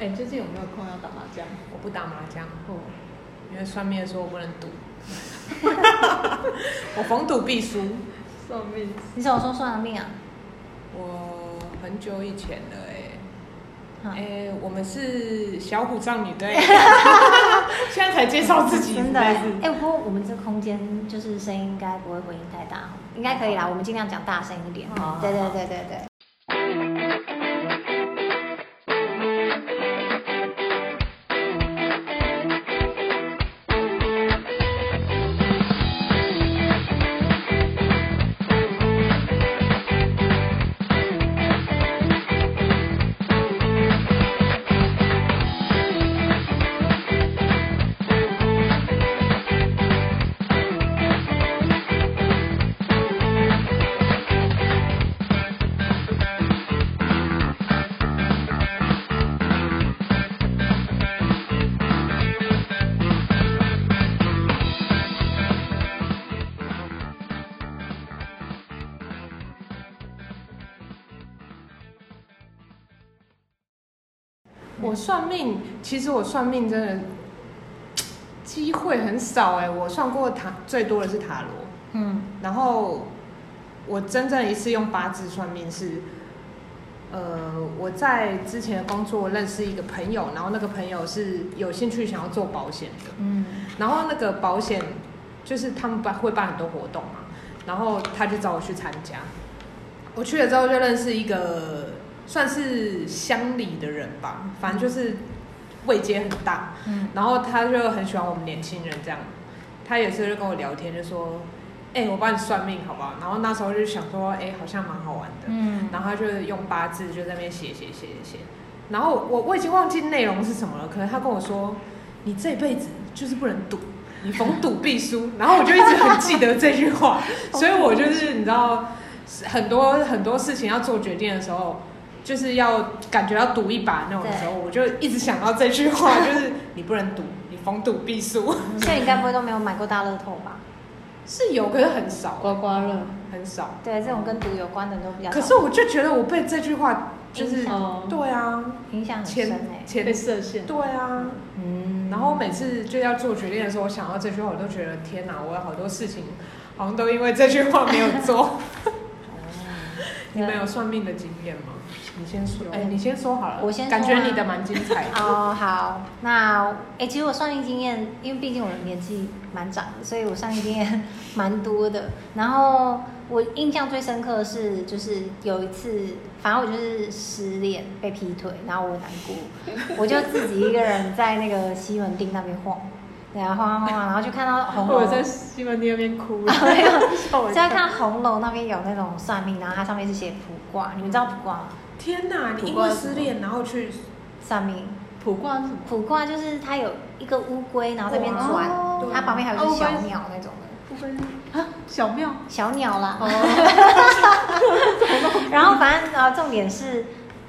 哎、欸，最近有沒有空要打麻將？我不打麻將。哦，因為算命的時候，我不能賭， 我逢賭必輸。算命？你什麼時候算的命啊？我很久以前了。欸，哎，哎、欸，我們是小虎藏女隊， 現在才介紹自己， 真的。欸。哎、欸，不過我們這空間就是聲音應該不會回音太大，應該可以啦。我們盡量講大聲一點。嗯，對對對對對。其實我算命真的機會很少哎、欸，我算過的塔最多的是塔羅，嗯，然後我真正一次用八字算命是，呃，我在之前的工作認識一個朋友，然後那個朋友是有興趣想要做保險的，嗯，然後那個保險就是他們辦會辦很多活動嘛，然後他就找我去參加，我去了之後就認識一個算是鄉裡的人吧，反正就是。位階很大、嗯，然後他就很喜歡我們年輕人這樣，他也是就跟我聊天，就說，哎、欸，我幫你算命，好不好？然後那時候就想說，哎、欸，好像蠻好玩的，嗯，然後他就用八字就在那邊寫寫寫寫、寫，然後我我、我已經忘記內容是什麼了，可是他跟我說，你這輩子就是不能賭，你逢賭必輸， 然後我就一直很記得這句話， 所以我就是你知道，很多很多事情要做決定的時候。就是要感覺要賭一把那種的時候，我就一直想到這句話，就是 你不能賭，你逢賭必輸。所以應該不會都沒有買過大樂透吧？ 是有，可是很少，欸，刮刮樂很少。對，這種跟賭有關的都比較。可是我就覺得我被這句話就是，對啊，影響很深誒、欸，前，前設限的、嗯、對啊，嗯。然後每次就要做決定的時候，我想到這句話，我都覺得天哪，我有好多事情好像都因為這句話沒有做。 你們有算命的經驗嗎、嗯？你先說，哎、欸，你先說好了。我先說，感覺你的蠻精彩的。哦、 oh,，好，那，哎、欸，其實我算命經驗，因為畢竟我的年紀蠻長的，所以我算命經驗蠻多的。然後我印象最深刻的是，就是有一次，反正我就是失戀，被劈腿，然後我難過，我就自己一個人在那個西門町那邊晃。然後晃晃晃，然後就看到紅樓，我在西門町那邊哭了。了、啊、 現在看紅樓那邊有那種算命，然後它上面是寫卜卦，你們知道卜卦嗎？天哪！你失戀，然後去算命。卜卦是什麼？卜卦就是它有一個烏龜，然後這邊轉，它旁邊還有個小鳥那種的。不、啊、分啊，小鳥？小鳥啦。哦、 然後反正呃，重點是，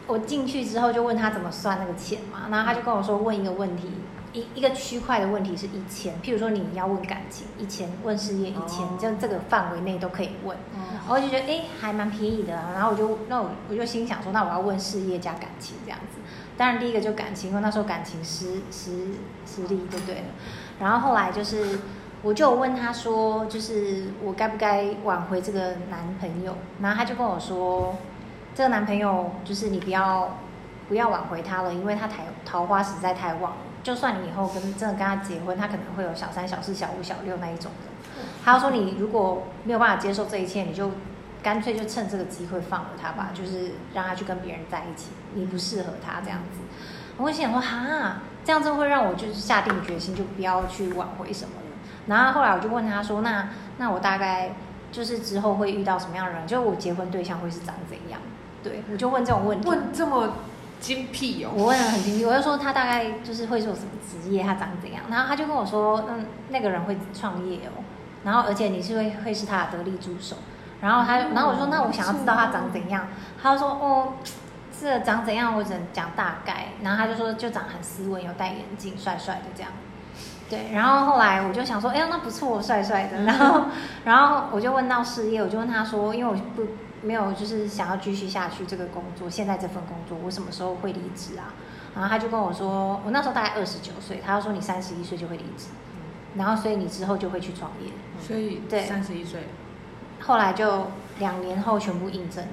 我進去之後就問他怎麼算那個錢嘛，然後他就跟我說問一個問題。一一個區塊的問題是一千，譬如說你要問感情一千，以前問事業一千，這樣、嗯、這個範圍內都可以問，然後就覺得哎，還蠻便宜的。然後我就、啊、後我就那我我就心想說，那我要問事業加感情這樣子。當然第一個就感情，因為那時候感情失失失利就對了。對？然後後來就是我就問他說，就是我該不該挽回這個男朋友？然後他就跟我說，這個男朋友就是你不要不要挽回他了，因為他太桃花實在太旺了。就算你以後跟真的跟他結婚，他可能會有小三、小四、小五、小六那一種的。他說你如果沒有辦法接受這一切，你就乾脆就趁這個機會放了他吧，嗯、就是讓他去跟別人在一起，你不適合他這樣子。我會心想說哈，這樣子會讓我就是下定決心就不要去挽回什麼了。然後後來我就問他說，那那我大概就是之後會遇到什麼樣的人？就我結婚對象會是長怎樣？對，我就問這種問題，問這麼。精闢哦！我問了很精闢，我就說他大概就是會做什麼職業，他長怎樣。然後他就跟我說，嗯，那個人會創業哦，然後而且你是會會是他的得力助手。然後他，然後我說，那我想要知道他長怎樣。他就說，哦，是長怎樣，我只能講大概。然後他就說，就長很斯文，有戴眼鏡，帥帥的這樣。對，然後後來我就想說，哎呀，那不錯，帥帥的。然後，然後我就問到事業，我就問他說，因為我不。沒有，就是想要繼續下去這個工作，現在這份工作，我什麼時候會離職啊？然後他就跟我說，我那時候大概二十九歲，他就說你三十一歲就會離職，嗯，然後所以你之後就會去創業。所以對，三十一歲。後來就兩年後全部印證了，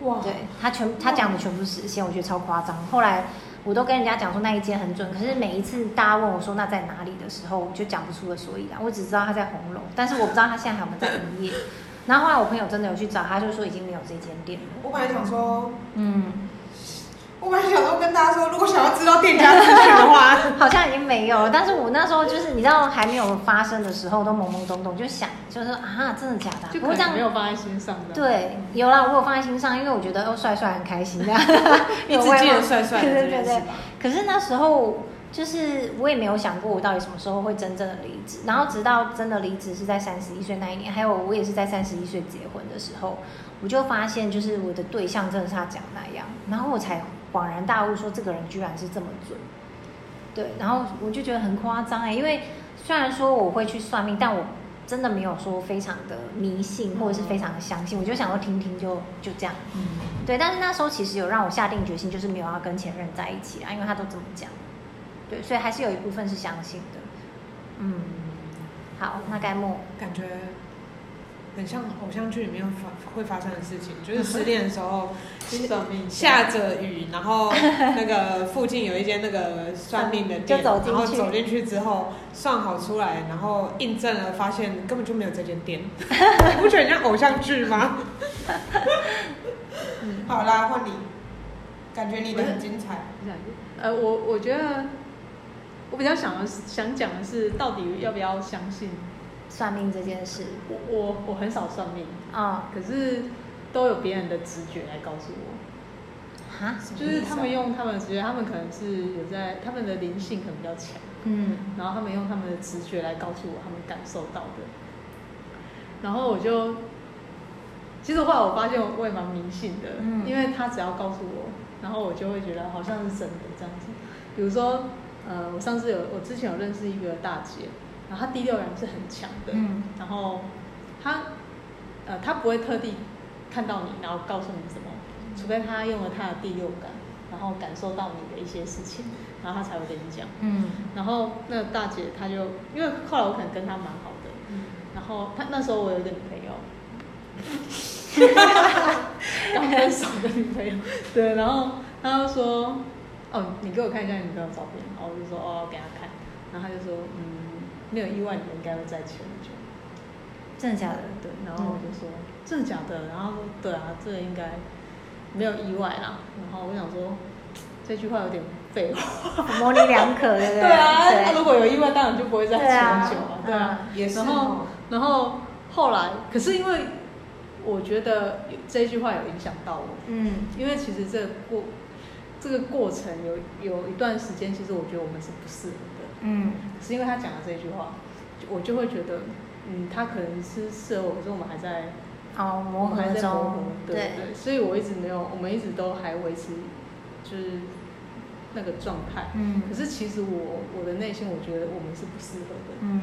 哇！對，他全，他講的全部實現，我覺得超誇張。後來我都跟人家講說那一間很準，可是每一次大家問我說那在哪裡的時候，我就講不出個所以然，我只知道他在紅樓，但是我不知道他現在還有沒有在營業。 然後後來我朋友真的有去找他，他就說已經沒有這間店了。我本來想說，說，嗯，我本來想說跟大家說，如果想要知道店家的話， 好像已經沒有了。但是我那時候就是你知道還沒有發生的時候，都懵懵懂懂就，就想就是說啊，真的假的、啊不會這樣？就可能沒有放在心上的。對，有啦，我有放在心上，因為我覺得哦，帥帥很開心 一直記得帥帥。對對對，可是那時候。就是我也沒有想過我到底什麼時候會真正的離職，然後直到真的離職是在三十一歲那一年，還有我也是在三十一歲結婚的時候，我就發現就是我的對象真的是他講那樣，然後我才恍然大悟說這個人居然是這麼準，對，然後我就覺得很誇張哎，因為雖然說我會去算命，但我真的沒有說非常的迷信或者是非常的相信，我就想說聽聽就就這樣，嗯，對，但是那時候其實有讓我下定決心就是沒有要跟前任在一起啊，因為他都這麼講。對，所以還是有一部分是相信的。嗯，好，那該莫感覺很像偶像劇裡面會發會發生的事情，就是失戀的時候， 下着雨， 然後那個附近有一間那個算命的店，嗯，然後走進去之後算好出來，然後印證了，發現根本就沒有這間店。 你不覺得像偶像劇嗎？ 嗯、好啦，換你，感覺你的很精彩。呃，我我覺得。我比較想的想講的是，到底要不要相信算命這件事？我我我很少算命啊，Oh. 可是都有別人的直覺來告訴我。Huh? 就是他們用他們的直覺，他們可能是有在他們的靈性可能比較強，嗯，然後他們用他們的直覺來告訴我他們感受到的，然後我就其實後來我發現我也蠻迷信的，嗯，因為他只要告訴我，然後我就會覺得好像是真的這樣子，比如說。呃，我上次有，我之前有認識一個大姐，然後她第六感是很強的，嗯、然後她呃她不會特地看到你，然後告訴你什麼，嗯、除非她用了她的第六感，然後感受到你的一些事情，嗯，然後她才會跟你講。嗯，然後那個大姐她就，因為後來我可能跟她蠻好的，嗯、然後她那時候我有一個女朋友，哈哈哈剛分手的女朋友， 對，然後她就說。哦，你給我看一下你朋友照片，然後我就說哦，給他看，然後他就說嗯，沒有意外，你應該會再求一求。真的假的？對，對，然後我就說、嗯、真的假的，然後對啊，這應該沒有意外啦。然後我想說這句話有點廢話，模稜兩可，對不對？對啊，他如果有意外，當然就不會再求一求了。對啊，啊，也是。然後，然後後來，可是因為我覺得這句話有影響到我，嗯，因為其實這過。這個過程有有一段時間，其實我覺得我們是不適合的。嗯，可是因為他講了這句話我，我就會覺得，嗯，他可能是適合我，可是我們還在哦磨合中，我們還在磨合對對對，所以我一直沒有，我們一直都還維持就是那個狀態。嗯，可是其實我我的內心我覺得我們是不適合的。嗯，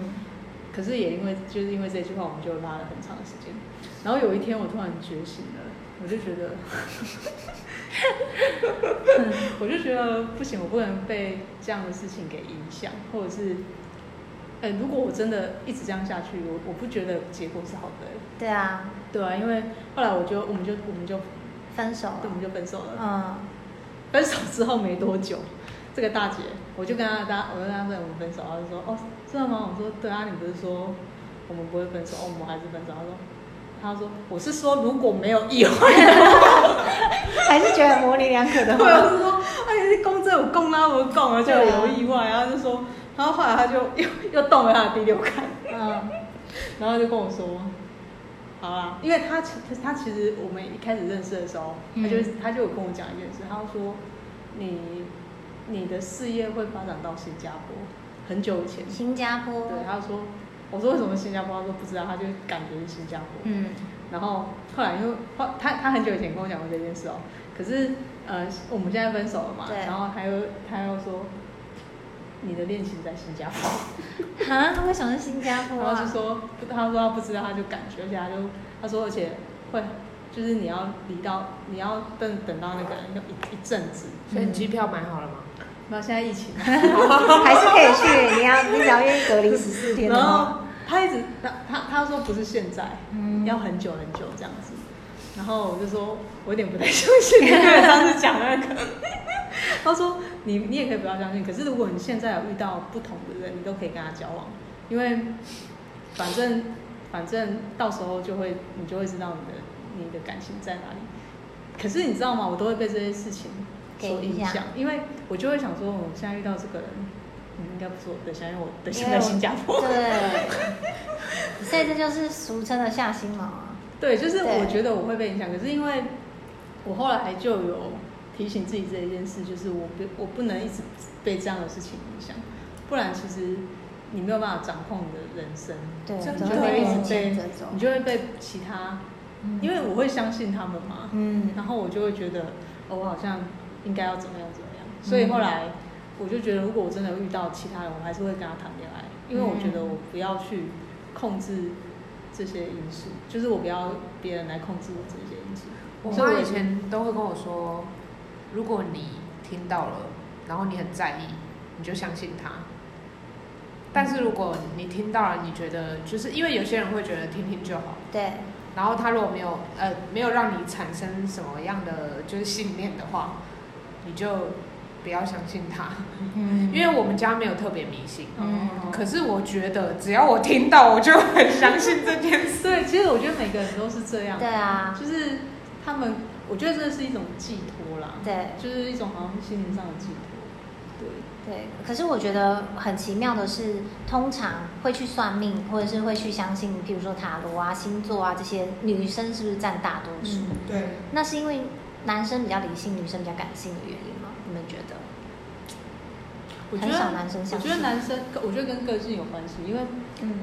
可是也因為就是因為這句話，我們就拉了很長的時間。然後有一天我突然覺醒了，我就覺得。 嗯、我就覺得不行，我不能被這樣的事情給影響，或者是，哎、欸，如果我真的一直這樣下去，我我不覺得結果是好的、欸。對啊，對啊，因為後來我就我們就我們就分手對，我們就分手了。嗯，分手之後沒多久，這個大姐我就跟她搭，我就跟她說我們分手，她就說：“哦，真的嗎？”我說：“對啊，你不是說我們不會分手，哦、我們還是分手。”她說。他說：“我是說，如果沒有意外， 還是覺得模棱兩可的話。 我就是說，哎，是公這有公那無供啊，就有意外，啊。然後就說，然後後來他就又又動了他的第六感，啊，然後就跟我說，好啊，因為他他他其實我們一開始認識的時候，他就他就有跟我講一件事，他就說你你的事業會發展到新加坡，很久以前，新加坡，對，他就說。”我說為什麼新加坡？他說不知道，他就感覺是新加坡。嗯，然後後來因為他他很久以前跟我講過這件事哦，可是呃我們現在分手了嘛，然後他又他又說你的戀情在新加、， 啊、新加坡啊？他會想到新加坡，然後就說他說他不知道，他就感覺，而且他就他說而且會就是你要離到你要等等到那個要一一陣子，所以你機票買好了嗎？嗯沒有，現在疫情， 還是可以去。你要，你只要願意隔離十四天。然後，然後他一直，他他他說不是現在，嗯，要很久很久這樣子。然後我就說，我有點不太相信， 因為他是講那個。 他說，你你也可以不要相信。可是如果你現在有遇到不同的人，你都可以跟他交往，因為反正反正到時候就會你就會知道你的你的感情在哪裡。可是你知道嗎？我都會被這些事情。影響，因為我就會想說，我現在遇到這個人，嗯，應該不錯，等下因為我等下在新加坡，對,對,對， 所以這就是俗稱的下心毛，對，就是我覺得我會被影響，可是因為，我後來就有提醒自己這一件事，就是我我不能一直被這樣的事情影響，不然其實你沒有辦法掌控你的人生，對，你就會一直被,你就,被你就會被其他、嗯，因為我會相信他們嘛，嗯，然後我就會覺得，哦，我好像。應該要怎麼樣？怎麼樣？所以後來我就覺得，如果我真的遇到其他人，我還是會跟他談戀愛，因為我覺得我不要去控制這些因素，嗯，就是我不要別人來控制我這些因素。我媽以、以前都會跟我說，如果你聽到了，然後你很在意，你就相信他。但是如果你聽到了，你覺得就是因為有些人會覺得聽聽就好，對。然後他如果沒有呃沒有讓你產生什麼樣的就是信念的話，你就不要相信他，因為我們家沒有特別迷信，嗯，可是我覺得只要我聽到，我就很相信這件事。 對，其實我覺得每個人都是這樣，對啊，就是他們，我覺得真的是一種寄託啦，對，就是一種好像心靈上的寄託，對，可是我覺得很奇妙的是，通常會去算命，或者是會去相信，譬如說塔羅啊、星座啊這些，女生是不是佔大多數？嗯，對，那是因為。男生比較理性，女生比較感性的原因嗎？你們覺得？我覺得很少男生相信，我覺得男生，我覺得跟個性有關係，因為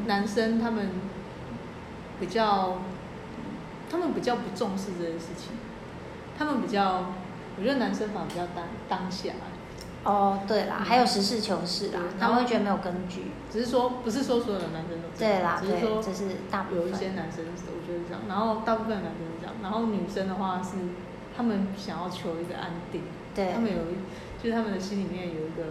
男生他們比較，他們比較不重視這件事情，他們比較，我覺得男生反而比較當當下、欸。哦，對啦，嗯、還有實事求是啦，他們會覺得沒有根據，只是說，不是說所有的男生都這樣，對啦，只是，說，只是大部分有一些男生我覺得是這樣，然後大部分的男生是這樣，然後女生的話是。嗯他們想要求一個安定，對，他們有一，就是他們的心裡面有一個，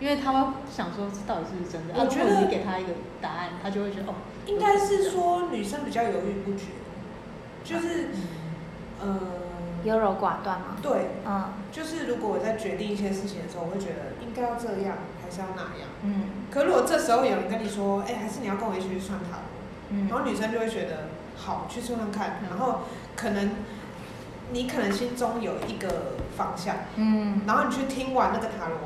因為他們想說，這到底是不是真的？我覺得、啊、你給他一個答案，他就會覺得哦，應該是說 OK, 女生比較猶豫不決，就是、嗯、呃，優柔寡斷嘛。對，啊、嗯，就是如果我在決定一些事情的時候，我會覺得應該要這樣，還是要那樣？嗯，可是如果這時候有人跟你說，哎、欸，還是你要跟我一起去算它，嗯，然後女生就會覺得好，去算算看、嗯，然後可能。你可能心中有一個方向，嗯，然後你去聽完那個塔羅，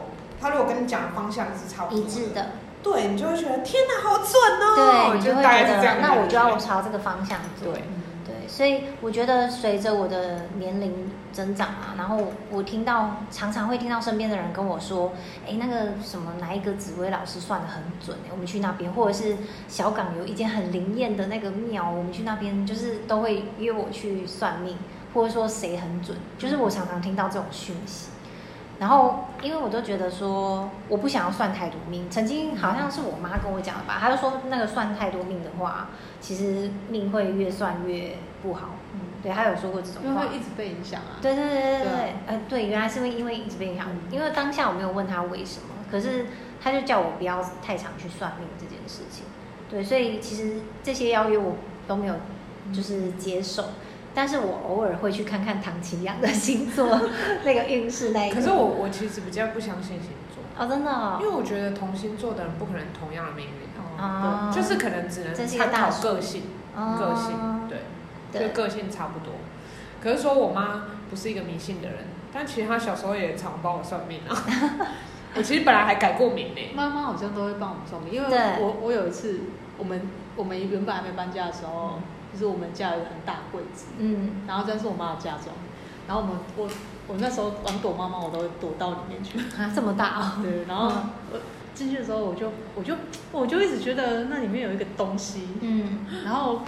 他如果跟你講的方向是差不多的，一致的，對，你就會覺得天哪，好準哦！對，你就帶着這樣，那我就要我朝這個方向走。對，對、嗯，對，所以我覺得隨着我的年齡增長啊，然後我聽到常常會聽到身邊的人跟我說：“哎，那個什麼，哪一個紫微老師算得很準、欸？我們去那邊，或者是小港有一間很靈驗的那個廟，我們去那邊，就是都會約我去算命。”或者說誰很準，就是我常常聽到這種訊息。然後，因為我都覺得說我不想要算太多命。曾經好像是我媽跟我講的吧、嗯，她就說那個算太多命的話，其實命會越算越不好。嗯，對，她有說過這種話。因為會一直被影響啊。對對對對對、啊、對，呃，對，原來是因為一直被影響、嗯。因為當下我沒有問她為什麼，可是她就叫我不要太常去算命這件事情。對，所以其實這些邀約我都沒有，就是接受。嗯但是我偶爾會去看看唐綺陽的星座那個運勢那一。 可是我我其實比較不相信星座。哦，真的、哦。因為我覺得同星座的人不可能同樣的命運、哦哦，就是可能只能參考個性，個,個性、哦、對，就個性差不多。可是說我媽不是一個迷信的人，但其實她小時候也常幫我算命啊。我、 欸、其實本來還改過名呢。媽媽好像都會幫我們算命，因為我我,我有一次，我們我們原本還沒搬家的時候。嗯就是我們家一個很大櫃子，嗯，然後這是我媽的嫁妝，然後我們我我那時候玩躲媽媽，我都會躲到裡面去，啊，這麼大、哦、對，然後、嗯、進去的時候我，我就我就我就一直覺得那裡面有一個東西，嗯，然後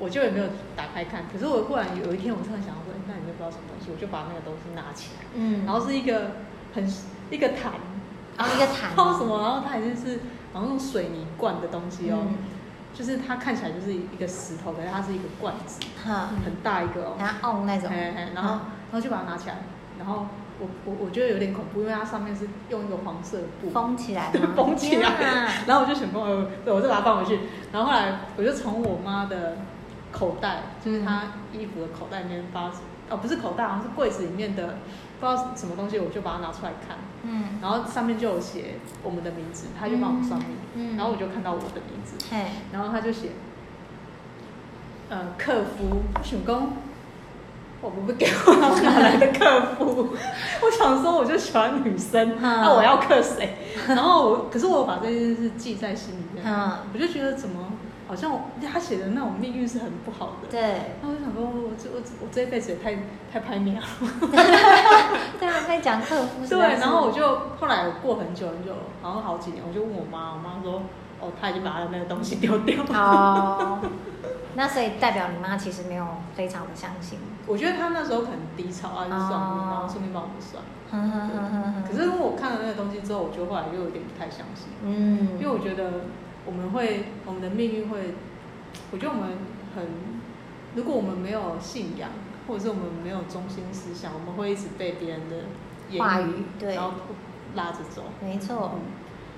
我就也沒有打開看，可是我忽然有一天我真的，我突然想要說，那裡面不知道什麼東西，我就把那個東西拿起來，嗯，然後是一個很一個罈、啊，然後一個罈，放什麼？然後它已、就、經是好用水泥灌的東西哦。嗯就是它看起來就是一個石頭的，可是它是一個罐子，嗯、很大一個哦，然後那種，嘿嘿然後、啊、然後就把它拿起來，然後我我我覺得有點恐怖，因為它上面是用一個黃色布封起, 起來，封起來， 然後我就想說，我我就把它放回去，然後後來我就從我媽的口袋，就是她衣服的口袋裡面發，哦不是口袋、啊，好像是櫃子裡面的。不知道什麼東西，我就把它拿出來看，嗯，然後上面就有寫我們的名字，他、嗯、就幫我們算命，嗯，然後我就看到我的名字，嘿，然後他就寫，呃、克夫，手工，我們不給我他哪來的克夫？ 我想說我就喜歡女生，那、 啊、我要克誰？ 然後我，可是我把這件事記在心裡面， 我就覺得怎麼？好像他寫的那種命運是很不好的。對。那我就想說，我這我我這輩子也太太拍面了。哈 對啊，在講剋夫是。對，然後我就後來過很久很久，然後好幾年，我就問我媽，我媽說，哦，他已經把她的那個東西丟掉了。哦、 那所以代表你媽其實沒有非常的相信。我覺得他那時候很低潮啊，就算、哦、然後順便順便幫我們算。、嗯嗯嗯嗯、可是如果我看了那個東西之後，我就後來又有點不太相信。嗯。因為我覺得。我們會，我們的命運會，我覺得我們很，如果我們沒有信仰，或者是我們沒有中心思想，我們會一直被別人的言語，話語，對，然後拉着走。沒錯、嗯，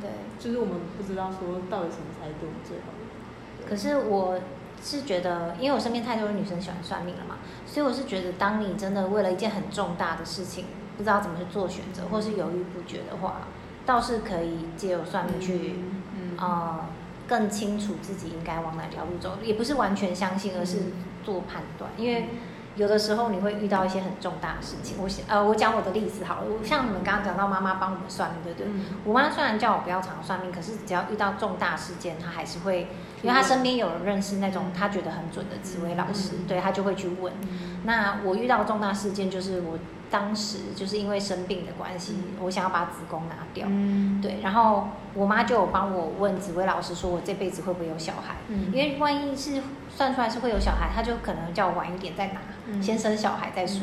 對。就是我們不知道說到底什麼才對我最好的，對。可是我是覺得，因為我身邊太多的女生喜歡算命了嘛，所以我是覺得，當你真的為了一件很重大的事情，不知道怎麼去做選擇，或是猶豫不決的話，倒是可以借由算命去，啊、嗯。嗯呃更清楚自己應該往哪條路走，也不是完全相信，而是做判斷。嗯。因為有的時候你會遇到一些很重大的事情。我想，呃，我講我的例子好了，我像你們剛剛講到媽媽幫我們算命，對不對？嗯。我媽雖然叫我不要常算命，可是只要遇到重大事件，她還是會。因為他身邊有人認識那種他覺得很準的紫微老師，嗯、對，他就會去問。嗯、那我遇到重大事件就是，我當時就是因為生病的關係，嗯、我想要把子宮拿掉，嗯，對。然後我媽就有幫我問紫微老師，說我這輩子會不會有小孩，嗯？因為萬一是算出來是會有小孩，他就可能叫我晚一點再拿，嗯、先生小孩再說。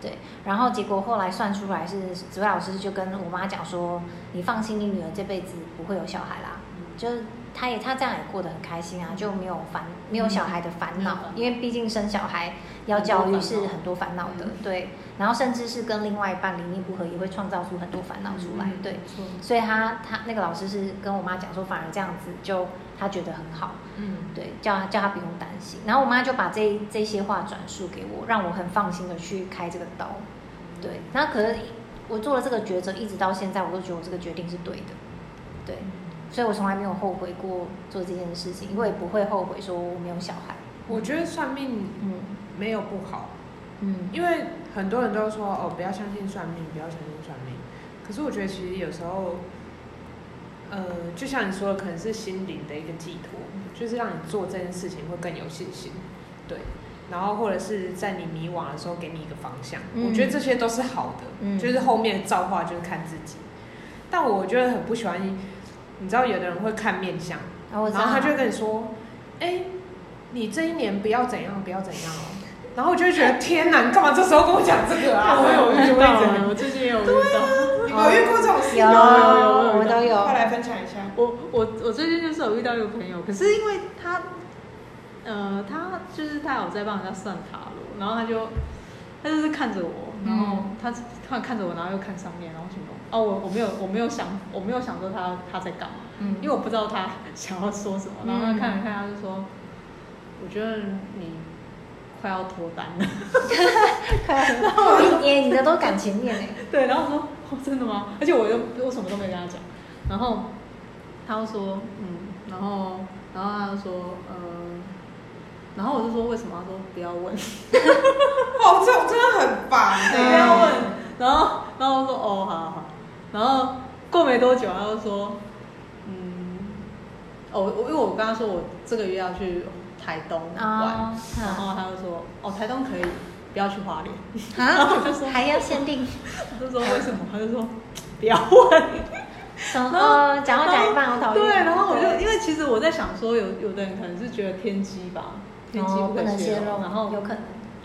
對。然後結果後來算出來是，紫微老師就跟我媽講說：“你放心，你女兒這輩子不會有小孩啦。”嗯，就是。他也他這樣也過得很開心啊，就沒有煩沒有小孩的煩惱、嗯，因為畢竟生小孩要教育是很多煩惱的、嗯，對。然後甚至是跟另外一半理念不合，也會創造出很多煩惱出來、嗯，對。所以他他那個老師是跟我媽講說，反而這樣子就他覺得很好，嗯，對，叫他叫他不用擔心。然後我媽就把這這些話轉述給我，讓我很放心的去開這個刀，對。那可是我做了這個抉擇，一直到現在，我都覺得我這個決定是對的，對。所以，我從來沒有後悔過做這件事情，因為不會後悔說我沒有小孩。嗯，我覺得算命沒有不好，嗯，因為很多人都說哦，不要相信算命，不要相信算命。可是，我覺得其實有時候，呃，就像你說的，可能是心靈的一個寄托，就是讓你做這件事情會更有信心，對。然後，或者是在你迷惘的時候，給你一個方向，嗯。我覺得這些都是好的，嗯，就是後面造化就是看自己。但我覺得很不喜歡。你知道有的人會看面相，啊、我然後他就會跟你說：“哎、啊欸，你這一年不要怎樣，不要怎樣哦。 ”然後我就覺得天哪，你幹嘛這時候跟我講這個啊？ 我我我啊、哦這喔？我有遇到，我最近也有遇到，對啊，你有遇過這種事？有有有，我們都有。快來分享一下。我我我最近就是有遇到一個朋友，可是因為他，呃，他就是他有在幫人家算塔羅，然後他就他就是看着我，嗯，然後他他看着我，然後又看上面，然後什麼。哦，我我沒有我沒有想我沒有想說他他在幹嘛？嗯，因為我不知道他想要說什麼。嗯、然後他看了看，他就說，我覺得你快要脫單了。哈 哈，快要脫單。哎，你的都感情面耶，對，然後我說哦，真的嗎？而且我又我什麼都沒跟他講。然後他就說嗯，然後然後他就說嗯、呃，然後我就說為什麼？他說不要問。哈哈哈哦，這真的很煩不要問。然後然後我說哦，好好好。然後過沒多久，他就說，嗯，哦，我因為我跟他說我這個月要去台東玩，哦，然後他就說，哦，台東可以，不要去花蓮，啊。然後我就說還要限定？他就說為什麼？他就說不要問，哦。然後講到講一半，啊，我討厭對，對，然後我就因為其實我在想說有，有有的人可能是覺得天機吧，天機不，可，哦、不能泄露，然後有可能。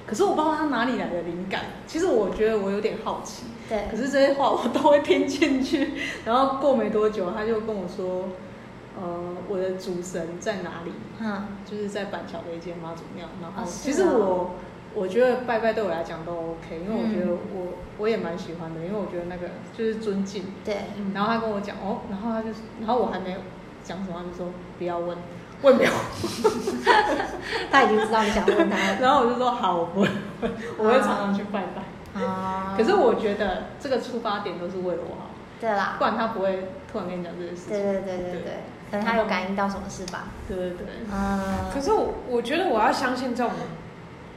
可是我不知道他哪裡來的靈感，其實我覺得我有點好奇。對。可是這些話我都會聽進去。然後過沒多久，他就跟我說，呃，我的主神在哪裡？嗯、就是在板橋的一間媽祖廟。然後，其實我啊啊我覺得拜拜對我來講都 OK，因為我覺得我、嗯、我也蠻喜歡的，因為我覺得那個就是尊敬。對。然後他跟我講哦，然後他就然後我還沒講什麼，他就說不要問。問沒有， 他已經知道你想問他， 然後我就說好，我不會，我會常常去拜拜。啊，啊可是我覺得這個出發點都是為了我好，對啦，不然他不會突然跟你講這些事情。對對對對對，對可能他有感應到什麼事吧。對對對。嗯、可是我，我覺得我要相信這種。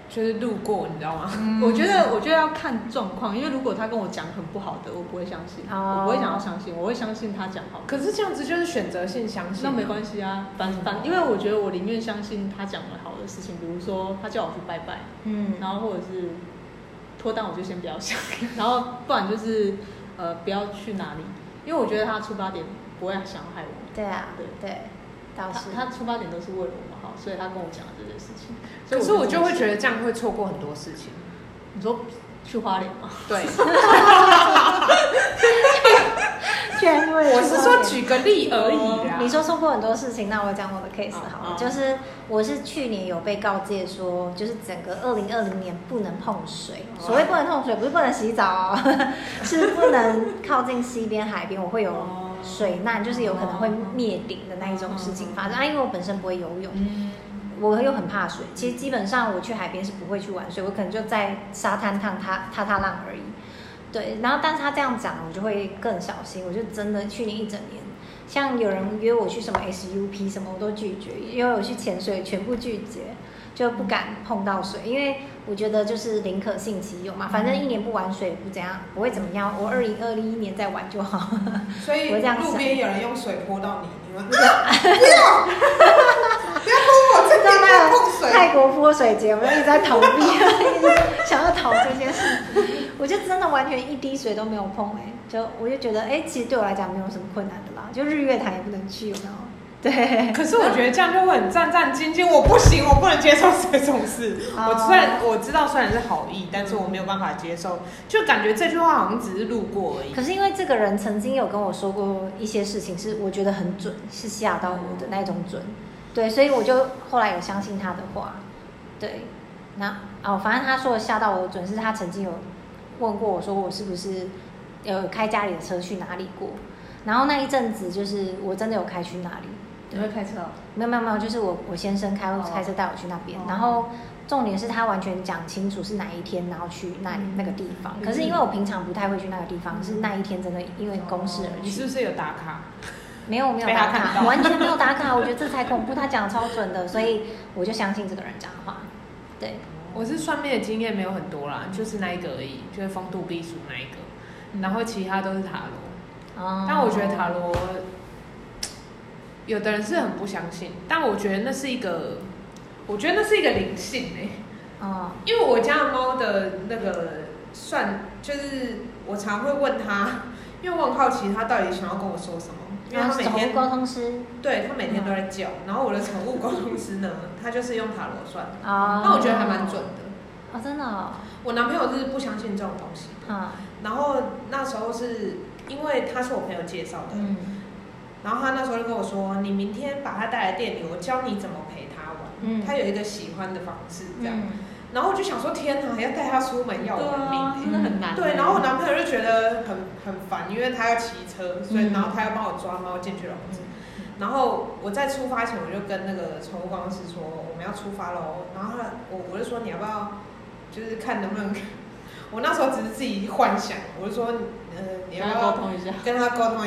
就是路過，你知道嗎？嗯、我覺得，我覺得要看狀況，因為如果他跟我講很不好的，我不會相信、哦，我不會想要相信，我會相信他講好的。可是這樣子就是選擇性相信、啊。那沒關係啊，反反，因為我覺得我寧願相信他講了好的事情，比如說他叫我去拜拜，嗯，然後或者是脫單，我就先不要想、嗯，然後不然就是呃不要去哪裡，因為我覺得他出發點不會想害我，嗯、對啊，對對？當時他，他出發點都是為了我們好，所以他跟我講了這件事情，所以這事情。可是我就會覺得這樣會錯過很多事情。你說去花蓮嗎？對。我、 就是說舉個例而已、啊哦、你說錯過很多事情，那我講我的 case 好了嗯嗯，就是我是去年有被告誡說，就是整個二零二零年不能碰水。哦、所謂不能碰水，不是不能洗澡、哦， 是不能靠近西邊海邊，我會有、哦。水難就是有可能會滅頂的那一種事情發生啊，因為我本身不會游泳，我又很怕水。其實基本上我去海邊是不會去玩水，我可能就在沙灘踏踏踏浪而已。對，然後但是他這樣講，我就會更小心。我就真的去年一整年，像有人約我去什麼 SUP 什麼，我都拒絕，因為我去潛水，全部拒絕。就不敢碰到水，因為我覺得就是寧可信其有嘛，反正一年不玩水不怎樣，不會怎麼樣。我二零二零一年再玩就好。所以路邊有人用水潑到你， 你們啊，不要，不要潑我！真的，泰國潑水節，我就一直在逃避， 一直想要逃這件事情。我就真的完全一滴水都沒有碰哎、欸，就我就覺得哎、欸，其實對我來講沒有什麼困難的啦，就日月潭也不能去，對，可是我覺得這樣就會很戰戰兢兢、嗯，我不行，我不能接受這種事。哦、我雖然我知道雖然是好意、嗯，但是我沒有辦法接受，就感覺這句話好像只是路過而已。可是因為這個人曾經有跟我說過一些事情，是我覺得很準，是嚇到我的那種準。對，所以我就後來有相信他的話。對，那哦，反正他說的嚇到我的準是他曾經有問過我說，我是不是有開家裡的車去哪裡過？然後那一陣子就是我真的有開去哪裡。你會開車？沒有沒有沒有，就是我我先生開開車帶我去那邊、哦，然後重點是他完全講清楚是哪一天，然後去那、嗯、那個地方。可是因為我平常不太會去那個地方，嗯，就是那一天真的因為公事而已、哦。你是不是有打卡？沒有沒有打卡，我完全沒有打卡。我覺得這才恐怖，他講得超準的，所以我就相信這個人講的話。對，我是算命的經驗沒有很多啦，就是那一個而已，就是風度避暑那一個，然後其他都是塔羅。哦，但我覺得塔羅。有的人是很不相信，但我覺得那是一個，我覺得那是一個靈性、欸哦、因為我家的貓的那個算，就是我常會問他，因為我很好奇他到底想要跟我說什麼，因為他每天、啊、對他每天都在叫，嗯、然後我的寵物溝通師呢，他就是用塔羅算，啊、哦，那我覺得還蠻準的，哦、真的、哦，我男朋友是不相信這種東西、哦，然後那時候是因為他是我朋友介紹的，嗯然後他那時候就跟我說：“你明天把他帶來店裡，我教你怎麼陪他玩。嗯、他有一個喜歡的方式，這樣。嗯”然後我就想說：“天哪，要帶他出門要玩命、欸。真的很難。”對、嗯。然後我男朋友就覺得很、嗯、很煩，因為他要騎車，所以、嗯、然後他要幫我抓貓進去籠子、嗯。然後我在出發前，我就跟那個寵物公司說：“我們要出發咯。然後他我我就說：“你要不要？就是看能不能。”我那時候只是自己幻想，我就說，呃，你要不要跟他溝通一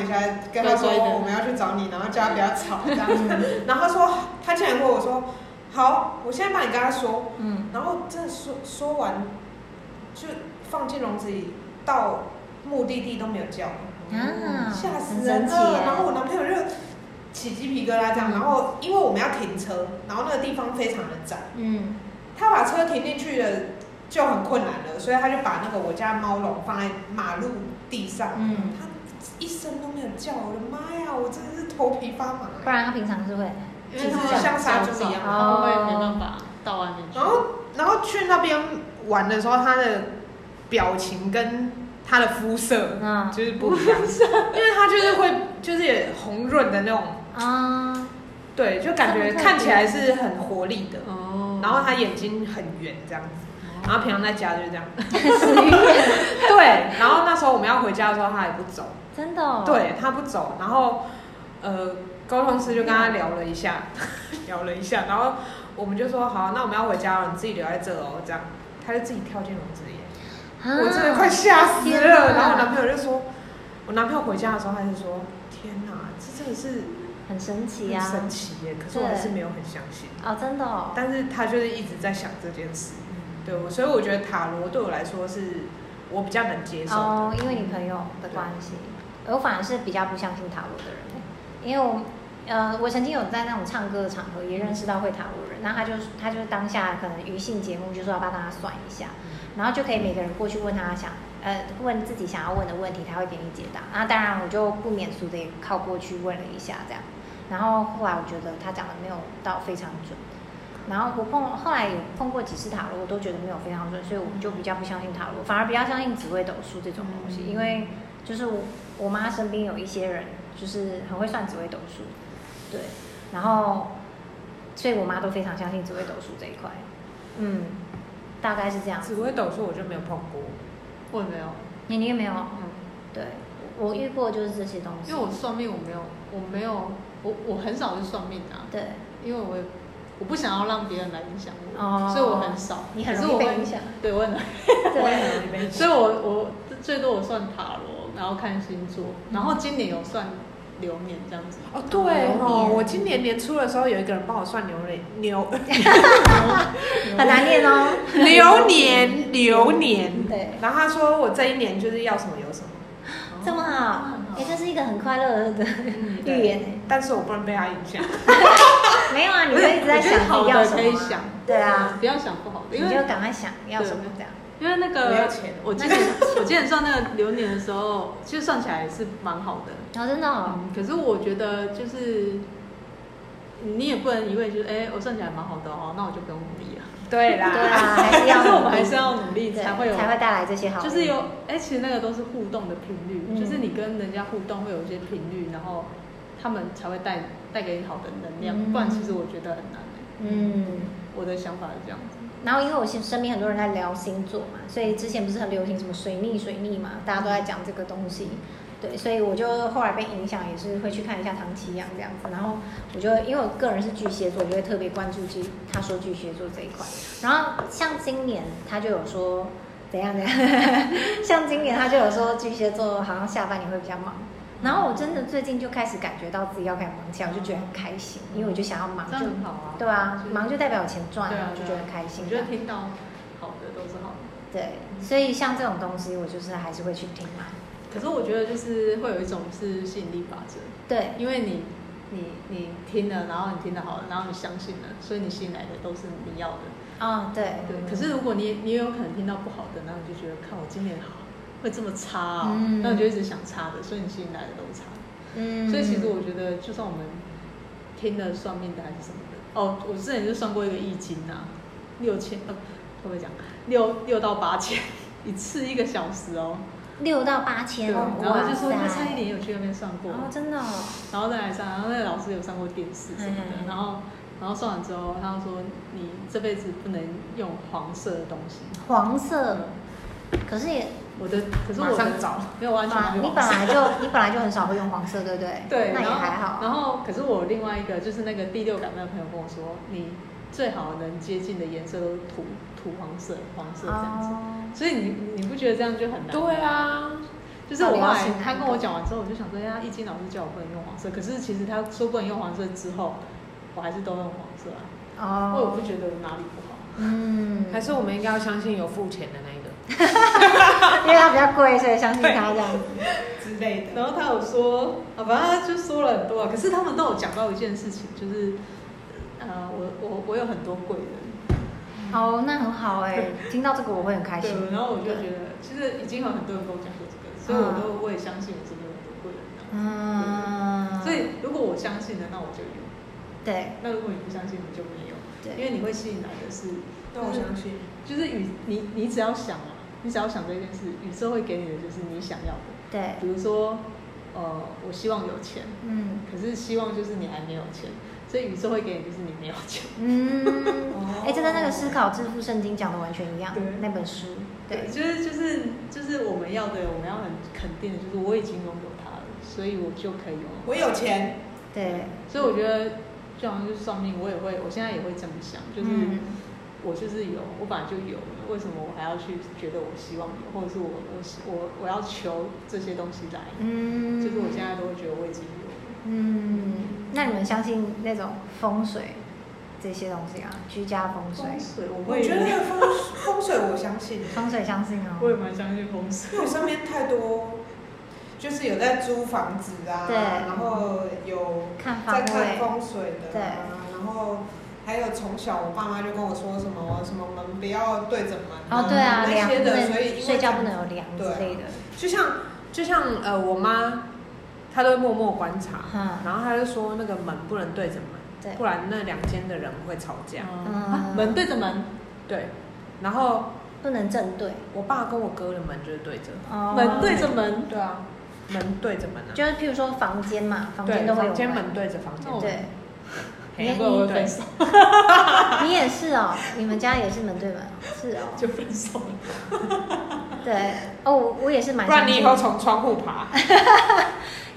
下，跟他說我們要去找你，然後叫他不要吵，然後， 然後說他竟然跟我說，好，我現在幫你跟他說，嗯，然後這說說完，就放進籠子裡，到目的地都沒有叫，嗯，啊，嚇死人了，啊，然後我男朋友就起雞皮疙瘩，這樣，然後因為我們要停車，然後那個地方非常的窄，嗯，他把車停進去了。嗯就很困難了，所以他就把那個我家貓籠放在馬路地上，嗯、他一聲都沒有叫，我的媽呀，我真的是頭皮發麻、啊。不然他平常是會，其就像殺豬一樣，嗯、他會沒辦法到外面去。然後，然後去那邊玩的時候，他的表情跟他的膚色，就是不一樣、嗯，因為他就是會就是也紅潤的那種啊、嗯，對，就感覺看起來是很活力的哦、嗯。然後他眼睛很圓，這樣子。然後平常在家就是這樣 死魚人， 對。然後那時候我們要回家的時候，他也不走，真的、哦。對，他不走，然後呃，溝通師就跟他聊了一下， 聊了一下，然後我們就說好、啊，那我們要回家了，你自己留在這哦、喔，這樣。他就自己跳進籠子裡。我真的快嚇死了。然後我男朋友就說，我男朋友回家的時候他就說，天哪，這真的是很神奇，很神奇啊，神奇耶。可是我還是沒有很相信哦，真的、哦。但是他就是一直在想這件事。對，所以我覺得塔羅對我來說是，我比較能接受、哦、因為你朋友的關係，我反而是比較不相信塔羅的人，因為我，呃，我曾經有在那種唱歌的場合、嗯、也認識到會塔羅人，那他就他就是當下可能餘興節目就說要幫大家算一下、嗯，然後就可以每個人過去問他想，呃，問自己想要問的問題，他會給你解答，那當然我就不免俗的也靠過去問了一下這樣，然後後來我覺得他講的沒有到非常準，然後我碰，後來也碰過幾次塔羅，我都覺得沒有非常準，所以我就比較不相信塔羅，反而比較相信紫微斗數這種東西，嗯、因為就是我，我媽身邊有一些人就是很會算紫微斗數，對，然後所以我媽都非常相信紫微斗數這一塊，嗯，大概是這樣。紫微斗數我就沒有碰過，我也沒有，你你也沒有嗯，嗯，對，我遇過就是這些東西，因為我算命我沒有，我沒有，我沒有我，我很少是算命的、啊，對，因為我也。我不想要讓別人來影響我，oh, 所以我很少。你很容易被影響。對我很難，我, 我也很容易被影響。所以我我最多我算塔羅，然後看星座，嗯、然後今年有算流年這樣子。哦，對哦，我今年年初的時候有一個人幫我算 流年，很難念哦。流年，流年，流年，流年，流年。對。然後他說我這一年就是要什麼有什麼。哦、這麼好，也就、欸、是一個很快樂的預言、欸。但是我不能被他影響。 沒有啊，你會一直在想你要好的可以想。對啊、嗯，不要想不好的因為，你就趕快想要什麼這樣。因為那個，我，錢我記得， 我記得算那個流年的時候，其實算起來是蠻好的。哦，真的哦？哦、嗯。可是我覺得就是，你也不能一味就是，哎，我算起來蠻好的哦，那我就不用努力了。對啦，對啊， 還是要。但是我們還是要努力才會有，才會帶來這些好。就是有，哎，其實那個都是互動的頻率、嗯，就是你跟人家互動會有一些頻率，然後。他們才會帶帶給你好的能量、嗯，不然其實我覺得很難、欸、嗯，我的想法是這樣子。然後因為我身邊很多人在聊星座嘛，所以之前不是很流行什麼水逆水逆嘛，大家都在講這個東西。對，所以我就後來被影響，也是會去看一下唐綺陽這樣子。然後我就因為我個人是巨蟹座，我就會特別關注巨他說巨蟹座這一塊。然後像今年他就有說等一下，等一下，像今年他就有說巨蟹座好像下半年會比較忙。然後我真的最近就開始感覺到自己要開始忙起來，我就覺得很開心，嗯、因為我就想要忙就很、啊啊，就好對啊，忙就代表有錢賺了，對啊，對啊，我就覺得很開心。我覺得聽到好的都是好的，對，所以像這種東西，我就是還是會去聽嘛、嗯。可是我覺得就是會有一種是吸引力法則，對，因為你你你，你聽了，然後你聽得好了，然後你相信了，所以你吸引來的都是你要的啊、嗯，對對、嗯。可是如果你你也有可能聽到不好的，然後你就覺得看我今年好會這麼差啊、哦？那、嗯、我就一直想差的，所以你吸引來的都差的嗯，所以其實我覺得，就算我們聽了算命的還是什麼的，哦，我之前就算過一個易經吶，六千呃，會不會講六六到八千一次一個小時哦，六到八千哦。哦。然後就說、是，因為蔡有去那邊算過，哦、真的、哦。然後再來算，然後那個老師有上過電視什麼的，嗯、然後然後算完之後，他就說你這輩子不能用黃色的東西。黃色，可是也。我的可是我的找沒有完全有、啊，你本來就 你本來就很少會用黃色，對不對？對，那也還好、啊。然後可是我另外一個就是那個第六感那個朋友跟我說，你最好能接近的顏色都土土黃色，黃色這樣子。哦、所以你你不覺得這樣就很難？對啊，就是我後來他跟我講完之後，我就想說，呀、那個，易經老師叫我不能用黃色，可是其實他說不能用黃色之後，我還是都用黃色啊，哦，因為我不覺得哪裡不好。嗯，還是我們應該要相信有付錢的那一。哈哈哈，因為他比較貴，所以相信他這樣子之類的。然後他有說，反正就說了很多、啊，嗯、可是他們都有講到一件事情，就是呃，我我我有很多貴人。好，那很好哎、欸，聽到這個我會很開心。然後我就覺得，其實已經有很多人跟我講過這個，所以我都我也相信我真的有很多貴人、啊。嗯，嗯、所以如果我相信的，那我就有。對，對，那如果你不相信，你就沒有。對，因為你會吸引來的是，我相信，就是與你你只要想啊。你只要想這一件事，宇宙會給你的就是你想要的。對，比如說，呃，我希望有錢，嗯，可是希望就是你還沒有錢，所以宇宙會給你就是你沒有錢。嗯，哎、 哦欸，這跟那個《思考致富聖經》講的完全一樣，對，那本書。對，對就是就是就是我們要的，我們要很肯定的就是我已經擁有它了，所以我就可以用它了。我有錢。對。所以我覺得，就好像就是算命，我也會，我現在也會這麼想，就是。嗯嗯我就是有，我本來就有的，為什麼我還要去覺得我希望有，或者是我我我我要求這些東西來？嗯，就是我現在都會覺得我已經有了。嗯，那你們相信那種風水這些東西啊，居家風水？風水，我會。我覺得風風水我相信。風水相信啊、喔。我也蠻相信風水。因為我身邊太多，就是有在租房子啊，然後有在看風水的，對，然後。還有從小我爸媽就跟我說什麼什麼門不要對着門、oh, 對啊那些的，所以因為睡覺不能有樑之類的。就像就像呃我媽，她都會默默觀察、嗯，然後她就說那個門不能對着門、嗯，不然那兩間的人會吵架。嗯，啊、門對着門，對，然後不能正對。我爸跟我哥的門就是對着、嗯，門對着門、嗯門對著門嗯，對啊，門對着門啊，就是譬如說房間嘛，房間都會有房間門對着房間對。對結果會分手？你也是哦？你們家也是門對門？是哦， 就分手了。 對哦，我也是蠻不然你以後從窗戶爬。哎、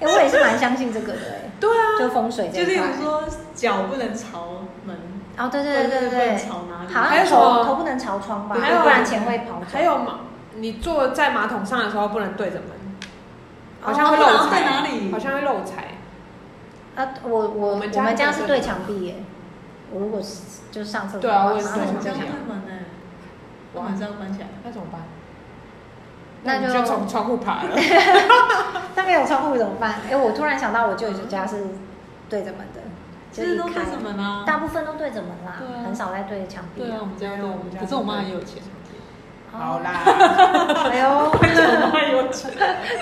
欸，我也是蠻相信這個的， 對啊，就風水。就是比如說，腳不能朝門哦，對對對對對，朝哪裡？好像頭頭不能朝窗吧？還有不然錢會跑。還有馬，你坐在馬桶上的時候不能對着門，好像會漏財。哦、在哪裡？好像會漏財。啊、我我，我，們我們家是對牆壁耶，嗯、我如果是就上廁所，對啊，我也上對就上我們家對門的，我們上要關起來，那怎麼辦？那就要從窗戶爬了。 那沒有窗戶怎麼辦？哎、欸，我突然想到，我舅舅家是對着門的。其實都、啊、看什麼、啊？大部分都對着門啦、啊啊，很少在對着牆壁、啊。對，啊、我對我們家對，我們家。可是我媽也有錢、哦。好啦， 哎呦，可是我媽有錢，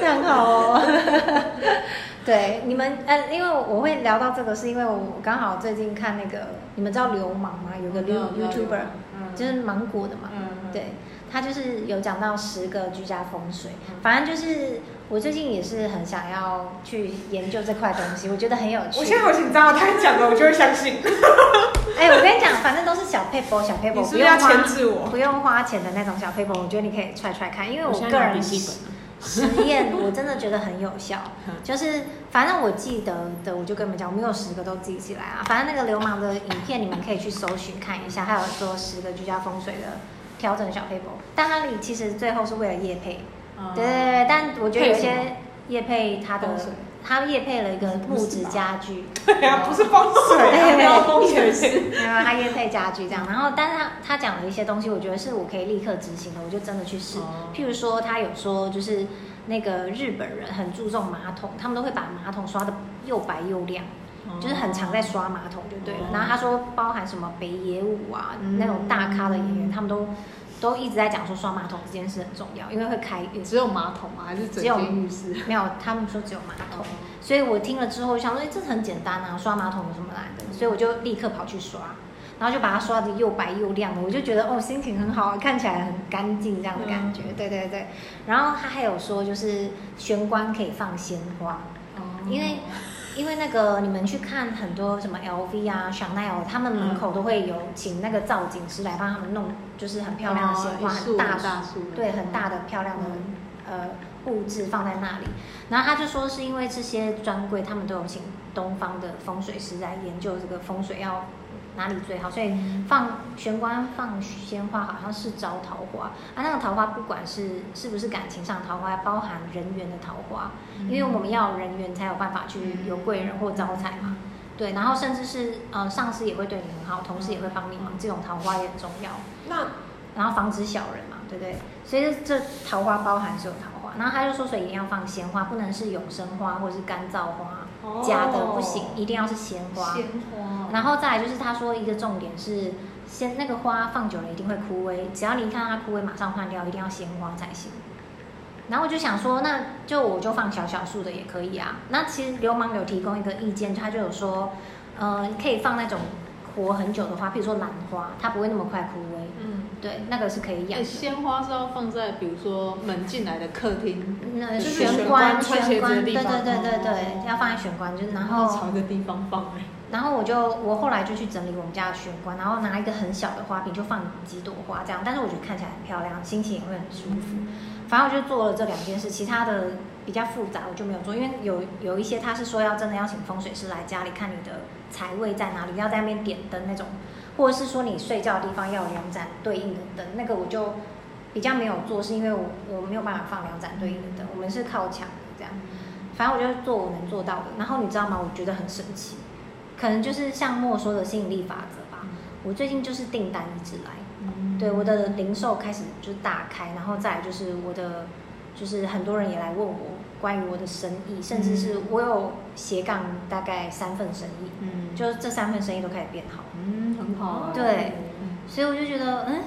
這樣好哦。 對，你們，呃，因為我會聊到這個，是因為我剛好最近看那個，你們知道流氓嗎？有個 You、嗯、YouTuber、嗯、就是芒果的嘛，嗯、嗯對，他就是有講到十個居家風水，反正就是我最近也是很想要去研究這塊東西，我覺得很有趣。我現在好緊張啊，他 講了我就會相信。 哎，我跟你講，反正都是小撇步，小撇步，不、不用花，不用花錢的那種小撇步，我覺得你可以踹踹看，因為我個人。 實驗我真的覺得很有效，就是反正我記得的，我就跟你們講，我沒有十個都記起來啊。反正那個流氓的影片你們可以去搜尋看一下，還有說十個居家風水的調整小撇步，但那裡其實最後是為了業配，對對對，但我覺得有些業配他的。他業配了一個木質家具，呀、啊啊啊，不是風水，沒有風水，他業配家具這樣。然後，但是他他講了一些東西，我覺得是我可以立刻執行的，我就真的去試、嗯。譬如說，他有說就是那個日本人很注重馬桶，他們都會把馬桶刷的又白又亮、嗯，就是很常在刷馬桶就、嗯、對了。然後他說，包含什麼北野武啊，嗯、那種大咖的演員，嗯、他們都。都一直在講說刷馬桶這件事很重要，因為會開。只有馬桶嗎？還是只有浴室？沒有，他們說只有馬桶，嗯、所以我聽了之後想說，欸、這很簡單啊，刷馬桶有什麼難的？所以我就立刻跑去刷，然後就把它刷得又白又亮的、嗯，我就覺得哦，心情很好啊，看起來很乾淨這樣的感覺。嗯、對，對對對，然後他還有說就是玄關可以放鮮花、嗯，因為。因為那個你們去看很多什麼 LV 啊、香奈兒，Chanel，他們門口都會有請那個造景師來幫他們弄，就是很漂亮的鮮花，哦很大大，嗯、很大的，對，很大的漂亮的呃布置放在那裡。然後他就說，是因為這些專櫃他們都有請東方的風水師來研究這個風水要。哪裡最好？所以放玄關放鮮花，好像是招桃花啊。那個桃花不管是是不是感情上桃花，包含人緣的桃花，因為我們要人緣才有辦法去有貴人或招財嘛。對，然後甚至是呃上司也會對你很好，同事也會幫你忙，這種桃花也很重要。那然後防止小人嘛，對不對，對？所以這桃花包含所有桃花。然後他就說，所以一定要放鮮花，不能是永生花或是乾燥花。假的不行，一定要是鮮花。鮮花。然後再來就是他說一個重點是，先那個花放久了一定會枯萎，只要你看到它枯萎，馬上換掉，一定要鮮花才行。然後我就想說，那就我就放小小樹的也可以啊。那其實流氓有提供一個意見，他就有說，嗯、呃，可以放那種活很久的花，譬如說蘭花，它不會那麼快枯萎。嗯對，那個是可以養、欸。鮮花是要放在比如說門進來的客廳，那、就是、玄關玄關，的地方、哦、玄關，對對對對對，要放在玄關，就是然後朝一個地方放。然後我就我後來就去整理我們家的玄關，然後拿一個很小的花瓶，就放幾朵花這樣。但是我覺得看起來很漂亮，心情也會很舒服。嗯、反正我就做了這兩件事，其他的比較複雜，我就沒有做，因為有有一些他是說要真的要請風水師來家裡看你的。財位在哪裡？要在那邊點燈那種，或者是說你睡覺的地方要有兩盞對應的燈。那個我就比較沒有做，是因為我我沒有辦法放兩盞對應的燈，我們是靠牆的這樣。反正我就做我能做到的。然後你知道嗎？我覺得很神奇，可能就是像莫說的吸引力法則吧。我最近就是訂單一直來，對，我的零售開始就打開，然後再來就是我的就是很多人也來問我。關於我的生意，甚至是我有斜槓，大概三份生意，嗯，就是這三份生意都開始變好，嗯，很好啊，對，所以我就覺得，嗯，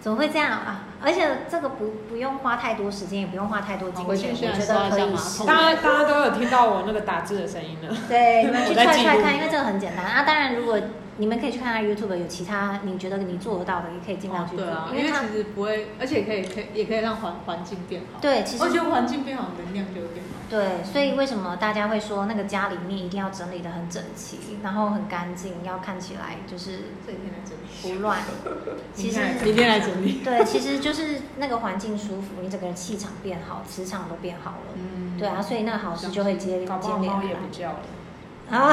怎麼會這樣啊？而且這個不，不用花太多時間，也不用花太多金錢，oh, 我覺得可以。嗎？大家，大家都有聽到我那個打字的聲音了。 對，對，你們去踹踹看，因為這個很簡單 啊。當然，如果你們可以去看看 YouTube，有其他你覺得你做得到的，也可以儘量去做。Oh, 對啊，因，因為其實不會，而且可以，可以也可以讓環環境變好。對，其實我覺得環境變好，能量就會變。對，所以為什麼大家會說那個家裡面一定要整理得很整齊，嗯，然後很乾淨，要看起來就是不，隨便來整理，胡亂，其實隨便來整理， 對，其實就是那個環境舒服，你整個人氣場變好，磁場都變好了，嗯，對啊，所以那個好事就會接連見面啊，貓也不叫了，啊，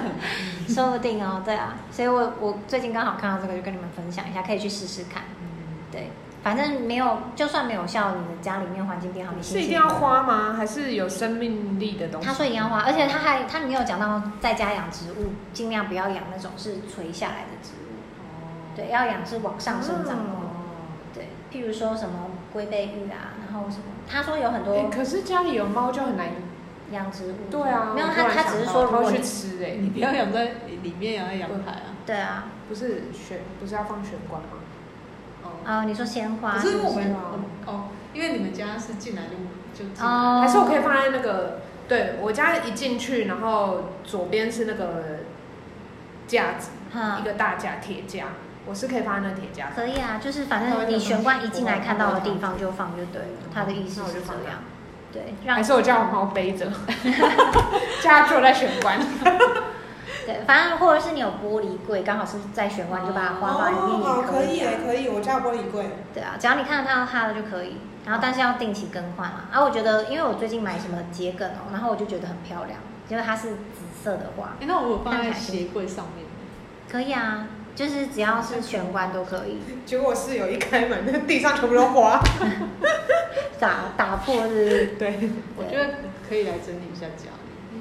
說不定哦，對啊，所以我我最近剛好看到這個，就跟你們分享一下，可以去試試看，嗯、對。反正沒有，就算沒有效，你的家裡面環境變好一些。是一定要花嗎？還是有生命力的東西？嗯、他說一定要花，而且他還他沒有講到在家養植物，盡量不要養那種是垂下來的植物。哦。對，要養是往上生長的。哦、嗯。對，譬如說什麼龜背芋啊，然後什麼，他說有很多。欸、可是家裡有貓就很難。養、嗯、植物。對啊。嗯、沒有他，他只是說如，如果去吃，哎，你不要養在裡面，養在陽台啊對。對啊。不是不是要放玄關嗎？哦、oh，你說鮮花是是？可是我們，哦，因為你們家是進來的嘛，就哦，oh, 還是我可以放在那個？對，我家一進去，然後左邊是那個架子，oh. 一個大架鐵架，我是可以放在那鐵架。可以啊，就是反正你玄關一進來看到的地方就放就對了，放，他的意思是這樣。對，還是我叫貓背着，家具在玄關。對，反正或者是你有玻璃櫃，剛好是在玄關，就把它花放在裡面也可以。也、哦哦、可，可以，我家玻璃櫃。對啊，只要你看到到它的就可以。然後，但是要定期更換啦。啊，我覺得，因為我最近買什麼桔梗哦、喔，然後我就覺得很漂亮，因、就、為、是、它是紫色的花。哎、欸，那我放在鞋櫃上面可。可以啊，就是只要是玄關都可以，可以。結果我室友一開門，那個地上全部都花。 打打破的？對，我覺得可以來整理一下家。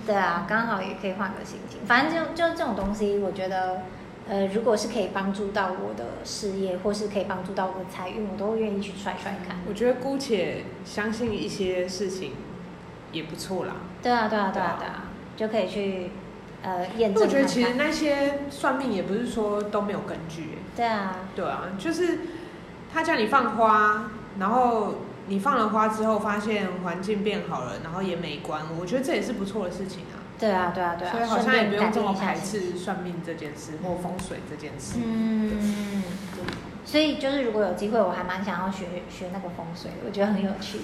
對啊，剛好也可以換個心情。反正就就這種東西，我覺得，呃，如果是可以幫助到我的事業，或是可以幫助到我的財運，我都願意去 try try 看。我覺得姑且相信一些事情，也不錯啦。對啊，對啊，對啊，對啊，對啊，就可以去呃驗證。我覺得其實那些算命也不是說都沒有根據。對啊。對啊，就是他叫你放花，然後。你放了花之後，發現環境變好了，然後也美觀。我覺得這也是不錯的事情啊，啊。對啊，對啊，對啊。所以好像也不用這麼排斥算命這件事或風水這件事。嗯，對。嗯，對。所以就是如果有機會，我還蠻想要學學那個風水，我覺得很有趣。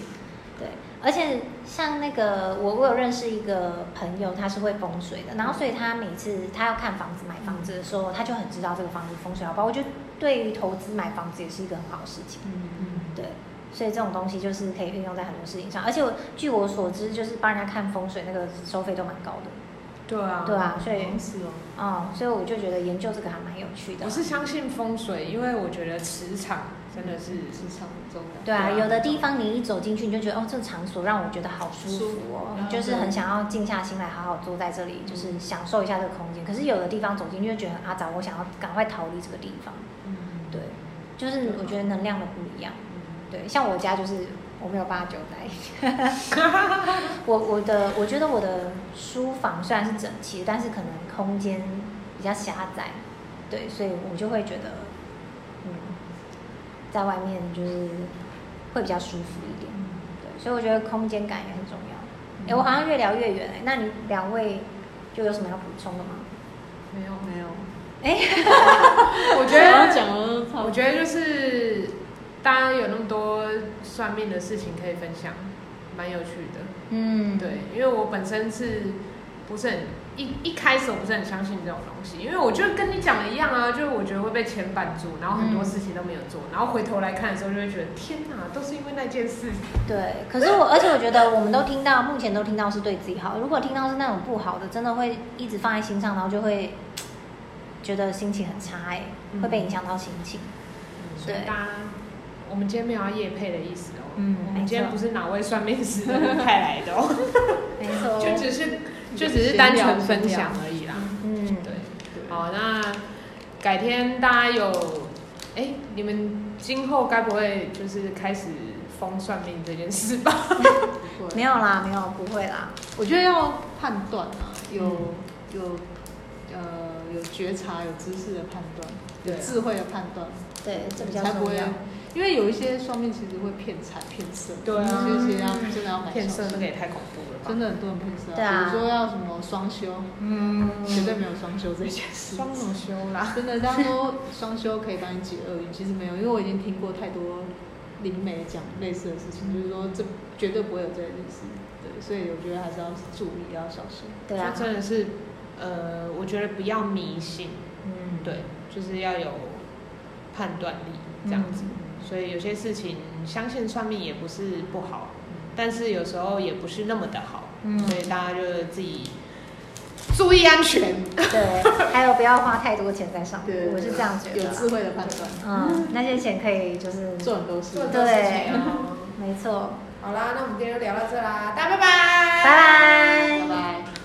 對，而且像那個我我有認識一個朋友，他是會風水的，然後所以他每次他要看房子買房子的時候，嗯、他就很知道這個房子風水好不好。我覺得對於投資買房子也是一個很好事情。嗯嗯，對。所以這種東西就是可以運用在很多事情上，而且我據我所知，就是幫人家看風水，那個收費都蠻高的。對啊。對啊，所以、嗯哦。哦，所以我就覺得研究這個還蠻有趣的、哦。我是相信風水，因為我覺得磁場真的是、嗯、磁場很重要。對啊，有的地方你一走進去，你就覺得哦，這個場所讓我覺得好舒服哦，哦啊、就是很想要靜下心來，好好坐在這裡、嗯，就是享受一下這個空間。可是有的地方走進去，就覺得啊，糟，我想要趕快逃離這個地方。嗯。對。就是我覺得能量的不一樣。對，像我家就是我沒有辦法久待，我我的我覺得我的書房雖然是整齊，但是可能空間比較狹窄，對，所以我就會覺得，嗯，在外面就是會比較舒服一點，對，所以我覺得空間感也很重要。哎、嗯欸，我好像越聊越遠，哎，那你兩位就有什麼要補充的嗎？沒有沒有，哎、欸， 我覺得講 我，我覺得就是。大家有那麼多算命的事情可以分享，蠻有趣的。嗯，對，因為我本身是不是很一一開始我不是很相信這種東西，因為我就跟你講的一樣啊，就是我覺得會被牽絆住，然後很多事情都沒有做，嗯，然後回頭來看的時候就會覺得天哪，啊，都是因為那件事。對，可是我而且我覺得我們都聽到目前都聽到是對自己好，如果聽到是那種不好的，真的會一直放在心上，然後就會覺得心情很差，哎、欸嗯，會被影響到心情。嗯，對。我們今天沒有要業配的意思的哦。嗯，我們今天不是哪位算命師派來的哦。沒錯。就只是就只是單純分享而已啦。嗯，對。好、哦，那改天大家有，哎、欸，你們今後該不會就是開始瘋算命這件事吧？沒有啦，沒有，不會啦。我覺得要判斷啊，有、嗯、有，有呃有覺察、有知識的判斷，有智慧的判斷，對，對這，比較不會。因為有一些雙面其實會騙財騙色，這些啊、嗯，其實要嗯、真的要的色，心，這也太恐怖了吧！真的很多人騙色，啊對啊，比如說要什麼雙修，嗯，絕對沒有雙修這件事。雙什麼修啦？真的，大家都雙修可以幫你解厄運，其實沒有，因為我已經聽過太多靈媒講類似的事情，嗯，就是說這絕對不會有這件事。對，所以我覺得還是要是注意，要小心。對啊。真的是，呃，我覺得不要迷信，嗯，對，就是要有判斷力，嗯，這樣子。嗯所以有些事情相信算命也不是不好，嗯、但是有時候也不是那麼的好，嗯，所以大家就自己注意安全。對， 還有不要花太多錢在上面。我是這樣覺得，啊。有智慧的判斷，啊嗯。嗯，那些錢可以就是做很多事，啊。情，啊。對，嗯、沒錯。好啦，那我們今天就聊到這啦，大家拜拜。拜拜。拜拜。